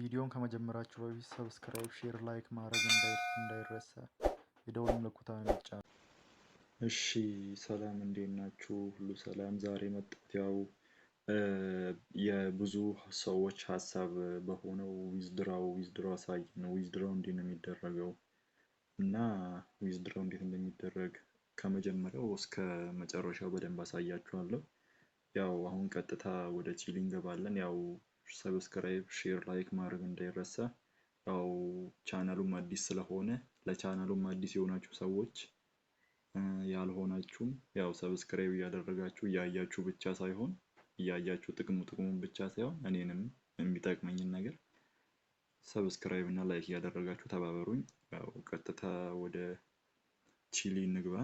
ቪዲዮን ከመጀመራችሁ በፊት ሰብስክራይብ፣ ሼር፣ ላይክ ማድረግ እንዳይረሳ የደውል ምልክቱን ይጫኑ። እሺ ሰላም እንዴት ናችሁ? ሁሉ ሰላም። ዛሬ መጣሁት ያው የብዙ ሰዎች ሀሳብ በሆነው ዊዝድራው ዊዝድራው ነው። ዊዝድራው እንዴት ነው የሚደረገው እና ዊዝድራው እንዴት እንደሚደረግ ከመጀመሪያው እስከ መጨረሻው በደንብ አሳያችኋለሁ። ያው አሁን ቀጥታ ወደ ቺሊ እንገባለን ያው ሰብስክራይብ፣ ሼር፣ ላይክ ማድረግ እንዳይረሳ። ያው ቻናሉም አዲስ ስለሆነ ለቻናሉም አዲስ የሆናችሁ ሰዎች ያልሆናችሁም ያው ሰብስክራይብ እያደረጋችሁ እያያችሁ ብቻ ሳይሆን እያያችሁ ጥቅሙ ጥቅሙን ብቻ ሳይሆን እኔንም የሚጠቅመኝን ነገር ሰብስክራይብ እና ላይክ እያደረጋችሁ ተባበሩኝ። ያው ቀጥታ ወደ ቺሊ እንግባ።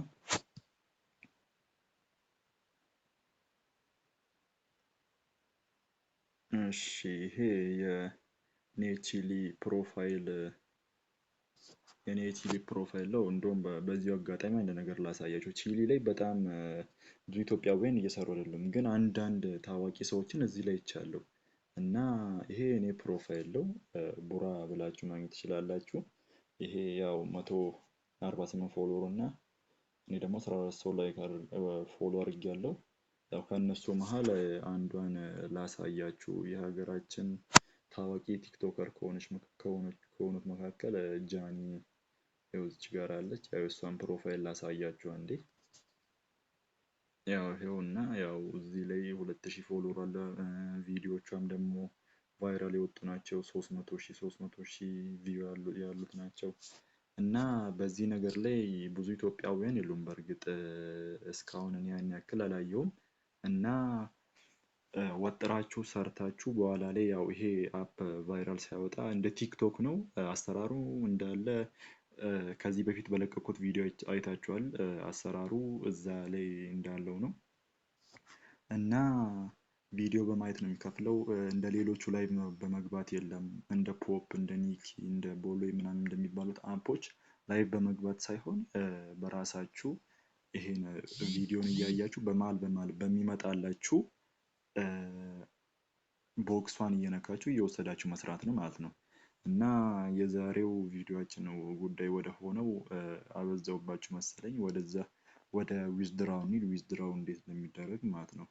እሺ ይሄ የኔቲሊ ፕሮፋይል የኔቲሊ ፕሮፋይል ነው። እንደውም በዚሁ አጋጣሚ አንድ ነገር ላሳያቸው። ቺሊ ላይ በጣም ብዙ ኢትዮጵያውያን እየሰሩ አይደለም፣ ግን አንዳንድ ታዋቂ ሰዎችን እዚህ ላይ ይቻለሁ እና ይሄ እኔ ፕሮፋይል ነው። ቡራ ብላችሁ ማግኘት ትችላላችሁ። ይሄ ያው መቶ አርባ ስምንት ፎሎወር እና እኔ ደግሞ አስራ አራት ሰው ላይ ፎሎ አድርጌያለሁ። ያው ከእነሱ መሀል አንዷን ላሳያችሁ የሀገራችን ታዋቂ ቲክቶከር ከሆነች ከሆኑት መካከል ጃኒ ይኸው ጋር አለች። ያው የእሷን ፕሮፋይል ላሳያችሁ አንዴ። ያው ይሄው እና ያው እዚህ ላይ ሁለት ሺህ ፎሎወር አለ። ቪዲዮቿም ደግሞ ቫይራል የወጡ ናቸው። ሶስት መቶ ሺህ ሶስት መቶ ሺህ ቪው ያሉት ናቸው። እና በዚህ ነገር ላይ ብዙ ኢትዮጵያውያን የሉም። በእርግጥ እስካሁን እኔ ያን ያክል አላየውም። እና ወጥራችሁ ሰርታችሁ በኋላ ላይ ያው ይሄ አፕ ቫይራል ሳይወጣ እንደ ቲክቶክ ነው አሰራሩ እንዳለ ከዚህ በፊት በለቀቁት ቪዲዮ አይታችኋል። አሰራሩ እዛ ላይ እንዳለው ነው እና ቪዲዮ በማየት ነው የሚከፍለው። እንደ ሌሎቹ ላይ በመግባት የለም። እንደ ፖፕ፣ እንደ ኒኪ፣ እንደ ቦሎ ምናምን እንደሚባሉት አፖች ላይቭ በመግባት ሳይሆን በራሳችሁ ይሄን ቪዲዮን እያያችሁ በመሀል በመሀል በሚመጣላችሁ ቦክሷን እየነካችሁ እየወሰዳችሁ መስራት ነው ማለት ነው። እና የዛሬው ቪዲዮችን ጉዳይ ወደ ሆነው አበዛውባችሁ መሰለኝ። ወደዛ ወደ ዊዝድራው ኒድ ዊዝድራው እንዴት እንደሚደረግ ማለት ነው።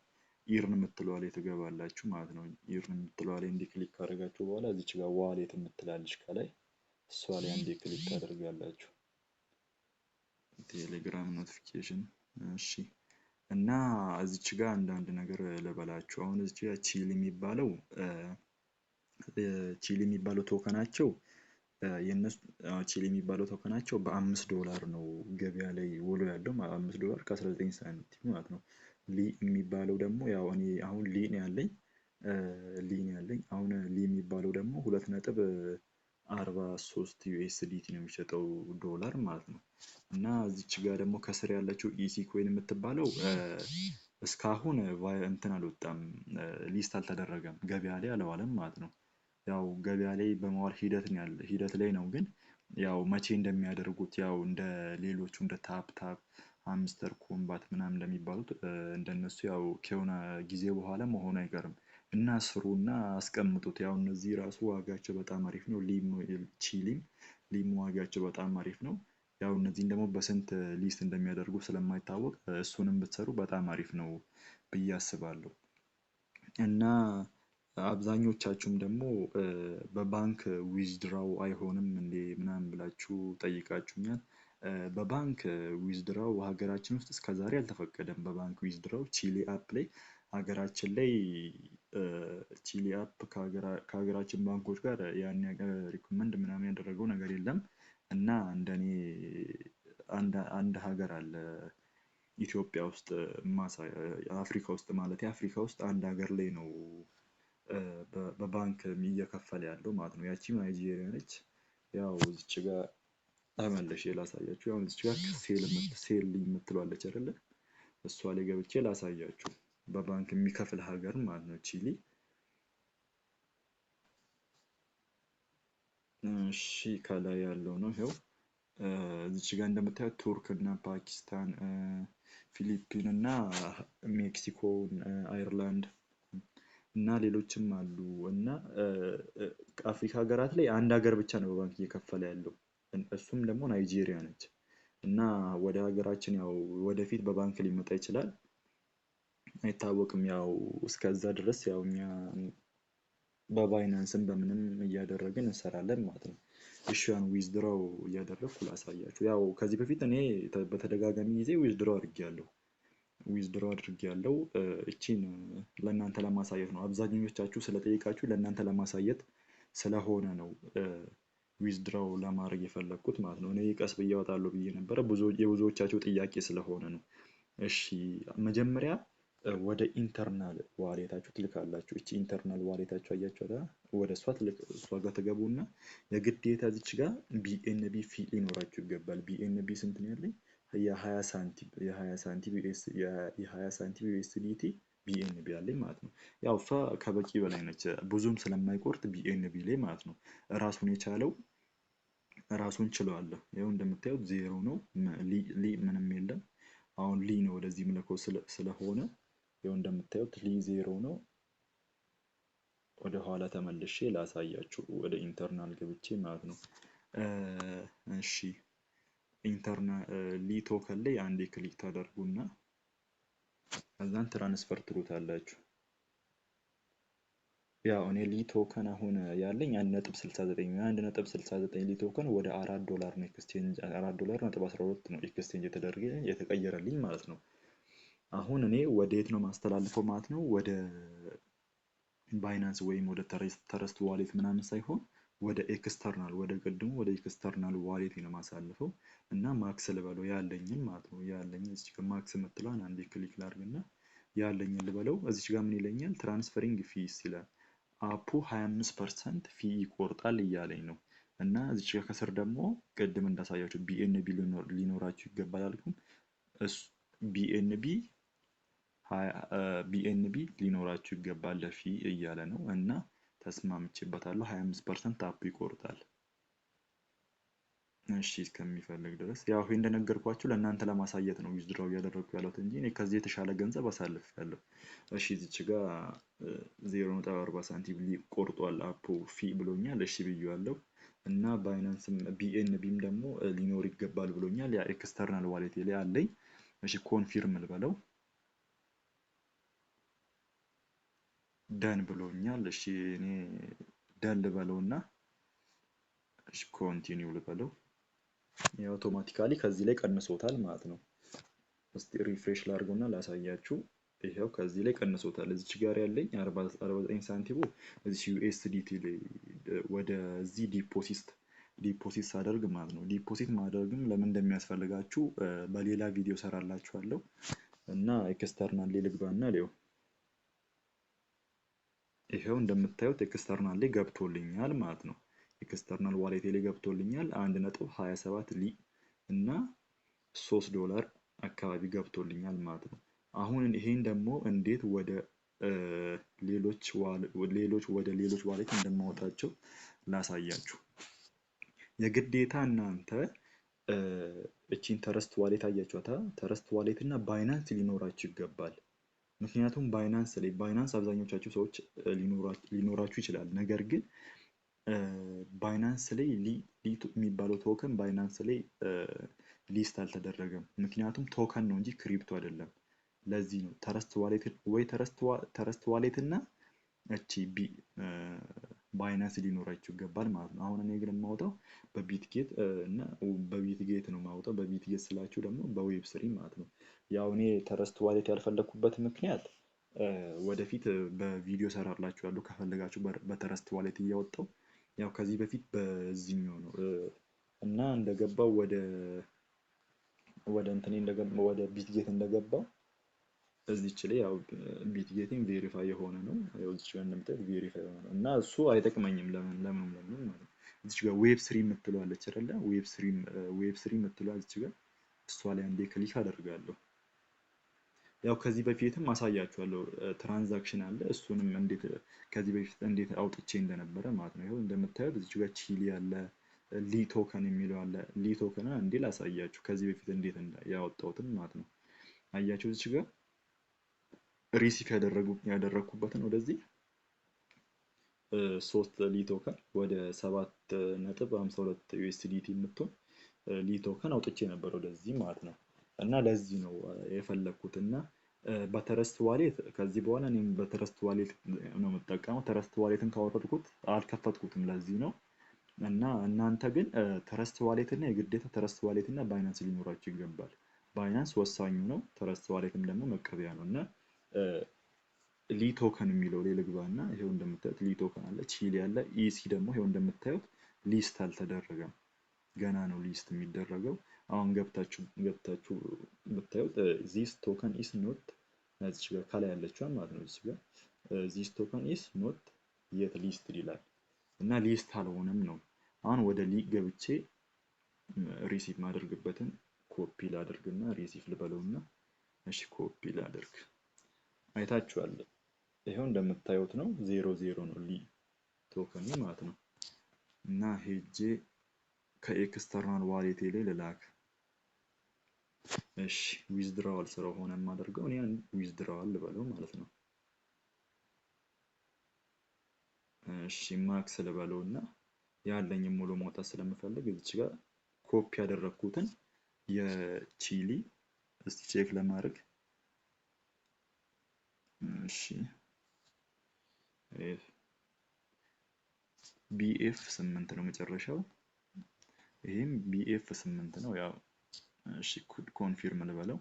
ኢርን የምትለዋ ላይ ትገባላችሁ ማለት ነው። ኢርን የምትለዋ ላይ እንዲህ ክሊክ ካደረጋችሁ በኋላ እዚች ጋር ዋሌት የምትላለች ከላይ እሷ ላይ አንዴ ክሊክ ታደርጋላችሁ። ቴሌግራም ኖቲፊኬሽን እሺ እና እዚች ጋር አንዳንድ ነገር ልበላችሁ አሁን እዚች ጋር ቺል የሚባለው ቺል የሚባለው ቶከናቸው የነሱ ቺል የሚባለው ቶከናቸው በአምስት ዶላር ነው ገበያ ላይ ውሎ ያለው አምስት ዶላር ከአስራ ዘጠኝ ሳንቲም ማለት ነው። ሊ የሚባለው ደግሞ ያው እኔ አሁን ሊ ነው ያለኝ ሊ ነው ያለኝ አሁን ሊ የሚባለው ደግሞ ሁለት ነጥብ 43 ዩኤስዲቲ ነው የሚሸጠው ዶላር ማለት ነው። እና እዚች ጋር ደግሞ ከስር ያለችው ኢሲ ኮይን የምትባለው እስካሁን እንትን አልወጣም፣ ሊስት አልተደረገም፣ ገበያ ላይ አለዋለም ማለት ነው። ያው ገበያ ላይ በመዋል ሂደት ላይ ነው። ግን ያው መቼ እንደሚያደርጉት ያው እንደ ሌሎቹ እንደ ታፕ ታፕ ኮምባት ምናምን እንደሚባሉት እንደነሱ ያው ከሆነ ጊዜ በኋላ መሆኑ አይቀርም። እና ስሩ እና አስቀምጡት። ያው እነዚህ ራሱ ዋጋቸው በጣም አሪፍ ነው። ሊም ቺሊም ሊም ዋጋቸው በጣም አሪፍ ነው። ያው እነዚህን ደግሞ በስንት ሊስት እንደሚያደርጉ ስለማይታወቅ እሱንም ብትሰሩ በጣም አሪፍ ነው ብዬ አስባለሁ። እና አብዛኞቻችሁም ደግሞ በባንክ ዊዝድራው አይሆንም እንዴ ምናምን ብላችሁ ጠይቃችሁኛል። በባንክ ዊዝድራው ሀገራችን ውስጥ እስከዛሬ አልተፈቀደም። በባንክ ዊዝድራው ቺሊ አፕ ላይ ሀገራችን ላይ ቺሊ አፕ ከሀገራችን ባንኮች ጋር ያን ሪኮመንድ ምናምን ያደረገው ነገር የለም። እና እንደኔ አንድ ሀገር አለ ኢትዮጵያ ውስጥ አፍሪካ ውስጥ ማለት አፍሪካ ውስጥ አንድ ሀገር ላይ ነው በባንክ እየከፈለ ያለው ማለት ነው። ያቺ ናይጄሪያ ነች። ያው እዚች ጋ ተመልሼ ላሳያችሁ። ያው እዚች ጋ ሴል ሴል የምትለዋለች አይደለ? እሷ ላይ ገብቼ ላሳያችሁ። በባንክ የሚከፍል ሀገር ማለት ነው ቺሊ። እሺ ከላይ ያለው ነው ይኸው እዚች ጋር እንደምታዩት ቱርክ እና ፓኪስታን፣ ፊሊፒን እና ሜክሲኮ፣ አይርላንድ እና ሌሎችም አሉ እና አፍሪካ ሀገራት ላይ አንድ ሀገር ብቻ ነው በባንክ እየከፈለ ያለው እሱም ደግሞ ናይጄሪያ ነች። እና ወደ ሀገራችን ያው ወደፊት በባንክ ሊመጣ ይችላል። አይታወቅም ያው እስከዛ ድረስ ያው እኛ በባይናንስም በምንም እያደረግን እንሰራለን ማለት ነው። እሺን ዊዝድሮው እያደረግኩ ላሳያችሁ። ያው ከዚህ በፊት እኔ በተደጋጋሚ ጊዜ ዊዝድሮ አድርጌያለሁ ዊዝድሮ አድርጌያለሁ። እቺን ለእናንተ ለማሳየት ነው። አብዛኞቻችሁ ስለጠየቃችሁ ለእናንተ ለማሳየት ስለሆነ ነው ዊዝድሮው ለማድረግ የፈለግኩት ማለት ነው። እኔ ቀስ ብዬ አወጣለሁ ብዬ ነበረ የብዙዎቻችሁ ጥያቄ ስለሆነ ነው። እሺ መጀመሪያ ወደ ኢንተርናል ዋሌታችሁ ትልካላችሁ። እቺ ኢንተርናል ዋሌታችሁ አያችኋት፣ ወደ እሷ ትልቅ እሷ ጋር እና የግዴታ እዚች ጋር ቢኤንቢ ፊ ሊኖራችሁ ይገባል። ቢኤንቢ ስንት ነው ያለኝ? የ ሳንቲም የ ሳንቲም ዩኤስዲቲ ቢኤንቢ አለኝ ማለት ነው። ያው እሷ ከበቂ በላይ ነች፣ ብዙም ስለማይቆርጥ ቢኤንቢ ላይ ማለት ነው ራሱን የቻለው ራሱን ችለዋለሁ። ይኸው እንደምታዩት ዜሮ ነው፣ ሊ ምንም የለም። አሁን ሊ ነው ወደዚህ ምልኮ ስለሆነ ይኸው እንደምታዩት ሊ ዜሮ ነው። ወደ ኋላ ተመልሼ ላሳያችሁ ወደ ኢንተርናል ገብቼ ማለት ነው። እሺ ኢንተርናል ሊ ቶከን ላይ አንዴ ክሊክ ታደርጉና ከዛን ትራንስፈር ትሉታላችሁ። ያው እኔ ሊ ቶከን አሁን ያለኝ አንድ ነጥብ ሊ ቶከን ወደ አራት ዶላር ነው ኤክስቼንጅ አራት ዶላር ነጥብ አስራ ሁለት ነው ኤክስቼንጅ የተደረገ የተቀየረልኝ ማለት ነው። አሁን እኔ ወደ የት ነው ማስተላልፈው ማለት ነው ወደ ባይናንስ ወይም ወደ ተረስት ዋሌት ምናምን ሳይሆን ወደ ኤክስተርናል ወደ ቅድሙ ወደ ኤክስተርናል ዋሌት ነው ማሳልፈው እና ማክስ ልበለው ያለኝን ማለት ነው ያለኝን እዚች ጋር ማክስ የምትለዋን አንዴ ክሊክ እና ያለኝን ልበለው እዚች ጋር ምን ይለኛል ትራንስፈሪንግ ፊስ ይላል አፑ 25 ፐርሰንት ፊ ይቆርጣል እያለኝ ነው እና እዚች ጋር ከስር ደግሞ ቅድም እንዳሳያቸው ቢኤንቢ ሊኖራቸው ይገባል አልኩም ቢኤንቢ ቢኤንቢ ሊኖራችሁ ይገባል ለፊ እያለ ነው እና ተስማምቼበታለሁ። 25 ፐርሰንት አፕ ይቆርጣል። እሺ እስከሚፈልግ ድረስ ያው ይሄ እንደነገርኳችሁ ለእናንተ ለማሳየት ነው ዊዝድራው እያደረግኩ ያለሁት እንጂ እኔ ከዚህ የተሻለ ገንዘብ አሳልፍ ያለሁ። እሺ እዚች ጋ 0.40 ሳንቲም ቆርጧል አፖ ፊ ብሎኛል። እሺ ብዩ ብዬዋለሁ እና ባይናንስም ቢኤንቢም ደግሞ ሊኖር ይገባል ብሎኛል። ያ ኤክስተርናል ዋሌት ላይ አለኝ። እሺ ኮንፊርም ልበለው። ደን ብሎኛል። እሺ እኔ ደን ልበለውና እሺ ኮንቲኒው ልበለው። አውቶማቲካሊ ከዚህ ላይ ቀንሶታል ማለት ነው። እስቲ ሪፍሬሽ ላድርገውና ላሳያችሁ። ይኸው ከዚህ ላይ ቀንሶታል። እዚች ጋር ያለኝ 49 ሳንቲሙ እዚህ ዩኤስዲቲ ላይ ወደዚህ ዲፖሲት ዲፖሲት ሳደርግ ማለት ነው። ዲፖሲት ማድረግም ለምን እንደሚያስፈልጋችሁ በሌላ ቪዲዮ ሰራላችኋለሁ እና ኤክስተርናል ልግባና ሊሆን ይሄው እንደምታዩት ኤክስተርናል ላይ ገብቶልኛል ማለት ነው። ኤክስተርናል ዋሌቴ ላይ ገብቶልኛል 1.27 ሊ እና 3 ዶላር አካባቢ ገብቶልኛል ማለት ነው። አሁን ይሄን ደግሞ እንዴት ወደ ሌሎች ሌሎች ወደ ሌሎች ዋሌት እንደማወጣቸው ላሳያችሁ። የግዴታ እናንተ እቺን ተረስት ዋሌት አያችኋታ። ተረስት ዋሌት እና ባይናንስ ሊኖራችሁ ይገባል። ምክንያቱም ባይናንስ ላይ ባይናንስ አብዛኞቻቸው ሰዎች ሊኖራችሁ ይችላል። ነገር ግን ባይናንስ ላይ የሚባለው ቶከን ባይናንስ ላይ ሊስት አልተደረገም። ምክንያቱም ቶከን ነው እንጂ ክሪፕቶ አይደለም። ለዚህ ነው ተረስት ዋሌት ወይ ተረስት ዋሌት እና እቺ ቢ ባይናንስ ሊኖራችሁ ይገባል ማለት ነው። አሁን እኔ ግን የማወጣው በቢትጌት እና በቢትጌት ነው የማወጣው። በቢትጌት ስላችሁ ደግሞ በዌብ ስሪ ማለት ነው። ያው እኔ ተረስት ዋሌት ያልፈለግኩበት ምክንያት ወደፊት በቪዲዮ ሰራላችሁ ያሉ ከፈለጋችሁ በተረስት ዋሌት እያወጣው ያው ከዚህ በፊት በዚህኛው ነው እና እንደገባው ወደ ወደ እንትኔ እንደገባ ወደ ቢትጌት እንደገባው እዚች ላይ ያው ቢትጌቲንግ ቬሪፋይ የሆነ ነው ያው እዚች ጋር እንደምታዩት ቬሪፋይ የሆነ ነው እና እሱ አይጠቅመኝም ለምን ለምን ለምን ማለት እዚች ጋር ዌብ ስሪ የምትለዋለች አይደለ ዌብ ስሪ ዌብ ስሪ የምትለዋ እዚች ጋር እሷ ላይ አንዴ ክሊክ አደርጋለሁ ያው ከዚህ በፊትም አሳያችኋለሁ ትራንዛክሽን አለ እሱንም እንዴት ከዚህ በፊት እንዴት አውጥቼ እንደነበረ ማለት ነው። ይኸው እንደምታዩት እዚህ ጋር ቺሊ አለ ሊ ቶከን የሚለው አለ ሊ ቶከን እንዴ ላሳያችሁ ከዚህ በፊት እንዴት ያወጣሁትን ማለት ነው። አያችሁ እዚህ ጋር ሪሲፍ ያደረጉ ያደረኩበትን ወደዚህ ሶስት ሊቶከን ወደ ሰባት ነጥብ ሀምሳ ሁለት ዩኤስዲቲ የምትሆን ሊቶከን አውጥቼ ነበር ወደዚህ ማለት ነው። እና ለዚህ ነው የፈለግኩት እና በተረስት ዋሌት ከዚህ በኋላ እኔም በተረስት ዋሌት ነው የምጠቀመው። ተረስት ዋሌትን ካወረድኩት አልከፈትኩትም ለዚህ ነው። እና እናንተ ግን ተረስት ዋሌት እና የግዴታ ተረስት ዋሌት እና ባይናንስ ሊኖራችሁ ይገባል። ባይናንስ ወሳኙ ነው። ተረስት ዋሌትም ደግሞ መቀበያ ነው እና ሊቶከን የሚለው ላይ ልግባ እና ይሄው እንደምታዩት ሊቶከን አለ፣ ቺሊ አለ፣ ኢሲ ደግሞ ይሄው እንደምታዩት ሊስት አልተደረገም። ገና ነው ሊስት የሚደረገው። አሁን ገብታችሁ ገብታችሁ ብታዩት ዚስ ቶከን ኢስ ኖት እዚች ጋር ከላይ ያለችዋን ማለት ነው። እዚች ጋር ዚስ ቶከን ኢስ ኖት የት ሊስት ይላል እና ሊስት አልሆነም ነው። አሁን ወደ ሊግ ገብቼ ሪሲቭ ማደርግበትን ኮፒ እና ሪሲቭ ልበለው እና እሺ ኮፒ ላደርግ። አይታችኋል። ይኸው እንደምታዩት ነው ዜሮ ዜሮ ነው ሊ ቶከኑ ማለት ነው እና ሄጄ ከኤክስተርናል ዋሌቴ ላይ ልላክ እሺ ዊዝድራዋል ስለሆነ የማደርገው እኔ ዊዝድራዋል ልበለው ማለት ነው። እሺ ማክስ ልበለው እና ያለኝ ሙሉ መውጣት ስለምፈልግ እዚች ጋር ኮፒ ያደረግኩትን የቺሊ እስቲ ቼክ ለማድረግ እሺ ቢኤፍ ስምንት ነው መጨረሻው። ይህም ቢኤፍ ስምንት ነው ያው እሺ ኮንፊርም ልበለው።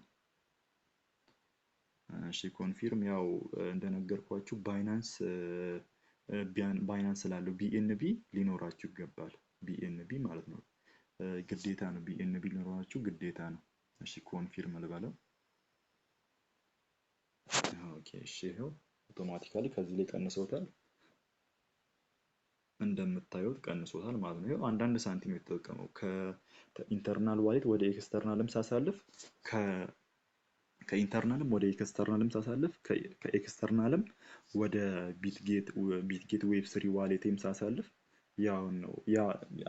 እሺ ኮንፊርም ያው እንደነገርኳችሁ ባይናንስ ባይናንስ ስላለው ቢኤንቢ ሊኖራችሁ ይገባል። ቢኤንቢ ማለት ነው ግዴታ ነው። ቢኤንቢ ሊኖራችሁ ግዴታ ነው። እሺ ኮንፊርም ልበለው። ኦኬ እሺ ይኸው አውቶማቲካሊ ከዚህ ላይ ቀንሰውታል። እንደምታዩት ቀንሶታል ማለት ነው። አንዳንድ ሳንቲም የተጠቀመው ከኢንተርናል ዋሌት ወደ ኤክስተርናልም ሳሳልፍ ከኢንተርናልም ወደ ኤክስተርናልም ሳሳልፍ ከኤክስተርናልም ወደ ቢትጌት ዌብ ስሪ ዋሌቴም ሳሳልፍ ያውን ነው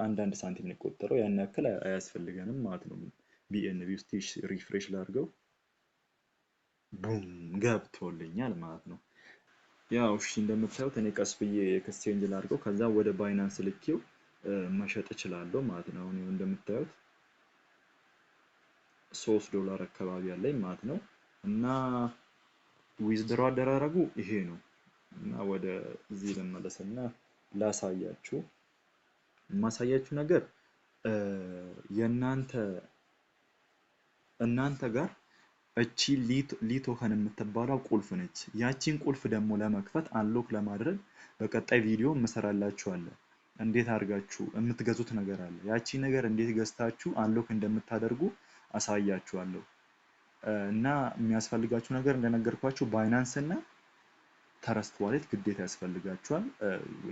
አንዳንድ ሳንቲም የቆጠረው ያን ያክል አያስፈልገንም ማለት ነው። ቢኤንቢ ውስጥ ሪፍሬሽ ላድርገው ቡም ገብቶልኛል ማለት ነው። ያው እሺ እንደምታዩት እኔ ቀስ ብዬ ኤክስቼንጅ ላድርገው ከዛ ወደ ባይናንስ ልኬው መሸጥ እችላለሁ ማለት ነው። አሁን እንደምታዩት ሶስት ዶላር አካባቢ ያለኝ ማለት ነው እና ዊዝድሮ አደራረጉ ይሄ ነው እና ወደ እዚህ ልመለስና ላሳያችሁ የማሳያችሁ ነገር የእናንተ እናንተ ጋር እቺ ሊቶከን የምትባለው ቁልፍ ነች። ያቺን ቁልፍ ደግሞ ለመክፈት አንሎክ ለማድረግ በቀጣይ ቪዲዮ እንሰራላችኋለን። እንዴት አድርጋችሁ የምትገዙት ነገር አለ። ያቺ ነገር እንዴት ገዝታችሁ አንሎክ እንደምታደርጉ አሳያችኋለሁ። እና የሚያስፈልጋችሁ ነገር እንደነገርኳችሁ ባይናንስ እና ተረስት ዋሌት ግዴታ ያስፈልጋችኋል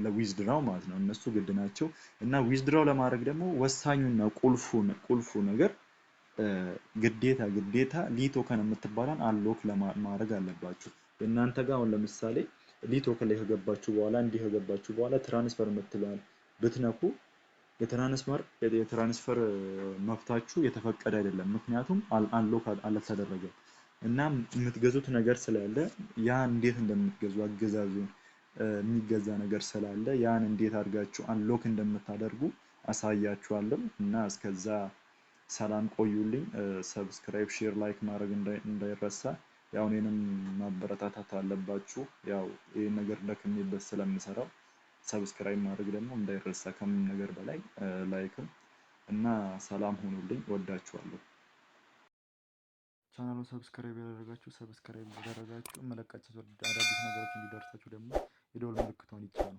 ለዊዝድራው ማለት ነው። እነሱ ግድ ናቸው እና ዊዝድራው ለማድረግ ደግሞ ወሳኙና ቁልፉ ቁልፉ ነገር ግዴታ ግዴታ ሊቶከን የምትባለን አሎክ ማድረግ አለባችሁ። እናንተ ጋር አሁን ለምሳሌ ሊቶከን ላይ ከገባችሁ በኋላ እንዲህ ከገባችሁ በኋላ ትራንስፈር የምትለዋል ብትነኩ የትራንስፈር የትራንስፈር መብታችሁ የተፈቀደ አይደለም። ምክንያቱም አሎክ አልተደረገም እና የምትገዙት ነገር ስላለ ያ እንዴት እንደምትገዙ አገዛዙን የሚገዛ ነገር ስላለ ያን እንዴት አድርጋችሁ አንሎክ እንደምታደርጉ አሳያችኋለሁ እና እስከዛ ሰላም ቆዩልኝ። ሰብስክራይብ፣ ሼር፣ ላይክ ማድረግ እንዳይረሳ። ያው እኔንም ማበረታታት አለባችሁ። ያው ይህ ነገር ደክሜበት ስለምሰራው ሰብስክራይብ ማድረግ ደግሞ እንዳይረሳ ከምንም ነገር በላይ ላይክም እና ሰላም ሆኑልኝ። ወዳችኋለሁ። ቻናሉን ሰብስክራይብ ያደረጋችሁ ሰብስክራይብ ያደረጋችሁ መለቃቸው አዳዲስ ነገሮች እንዲደርሳችሁ ደግሞ የደወል ምልክቷን ይቻ